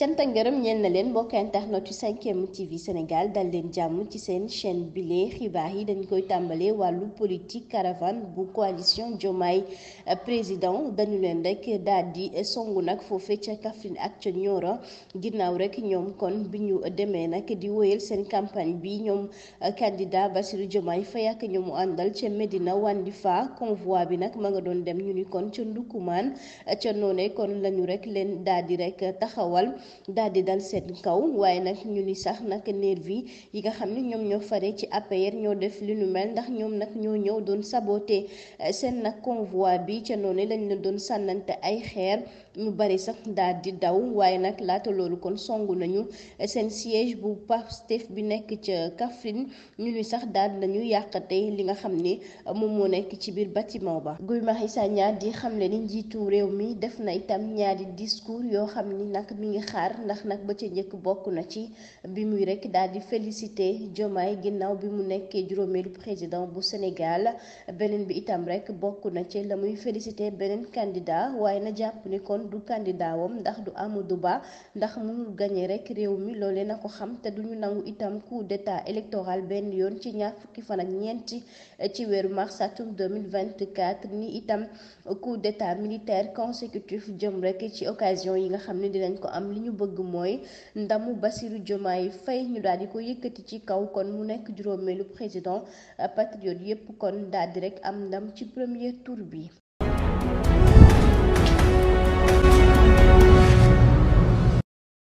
cant ak ngërëm ñeen na leen mbokk internet yu 5M TV Sénégal dal leen jàmm ci seen chaîne bile xibaar yi dañ koy tàmbalee wàllu politique caravane bu coalition Diomaye président dañu leen rekk daal di songu nag foofe ca Kaffrine ak ca Nioro ginnaaw rek ñoom kon bi ñu demee nag di woyal seen campagne bi ñoom candidat Bassirou Diomaye Faye ak ñoomu àndal ca Medina faa convoi bi nag ma nga doon dem ñu ni kon ca Ndoukoumane ca noone kon lañu rek leen daal di rek taxawal daal di dal seen kaw waaye nag ñu ni sax nag nervi yi nga xam ne ñoom ñoo fare ci APR ñoo def li nu mel ndax ñoom nag ñoo ñëw doon saboté eh, seen nag convoi bi ca noonu lañ la doon sànnante ay xeer ñu bari sax daal di daw waaye nag laata loolu kon songu nañu eh, seen siège bu Pastef bi nekk ca Kaffrine ñu ni sax daal nañu yàqate li nga xam ni eh, moom moo nekk ci biir bâtiment ba Guy Marius Sagna di xamle ni njiitu réew mi def na itam ñaari discours yoo xam ni nag mi ngi xaar ndax nag ba ca njëkk bokk na ci bi muy rekk daal di félicité Diomaye ginnaaw bi mu nekkee juróomeelu président bu Sénégal beneen bi itam rek bokk na ci la muy félicité beneen candidat waaye na jàpp ni kon du candidat ndax du Amadou Ba ndax mënul gagné rek réew mi loolee na ko xam te duñu nangu itam coup d'état électoral benn yoon ci ñaar fukki fan ak ñeenti ci weeru mars atum 2024 ni itam coup d'état militaire consécutif jëm rek ci occasion yi nga xam ñu bëgg mooy ndamu Bassirou yi Faye ñu daal di ko yëkkati ci kaw kon mu nekk juróomeelu président patriote yépp kon daal di rek am ndam ci premier tour bi.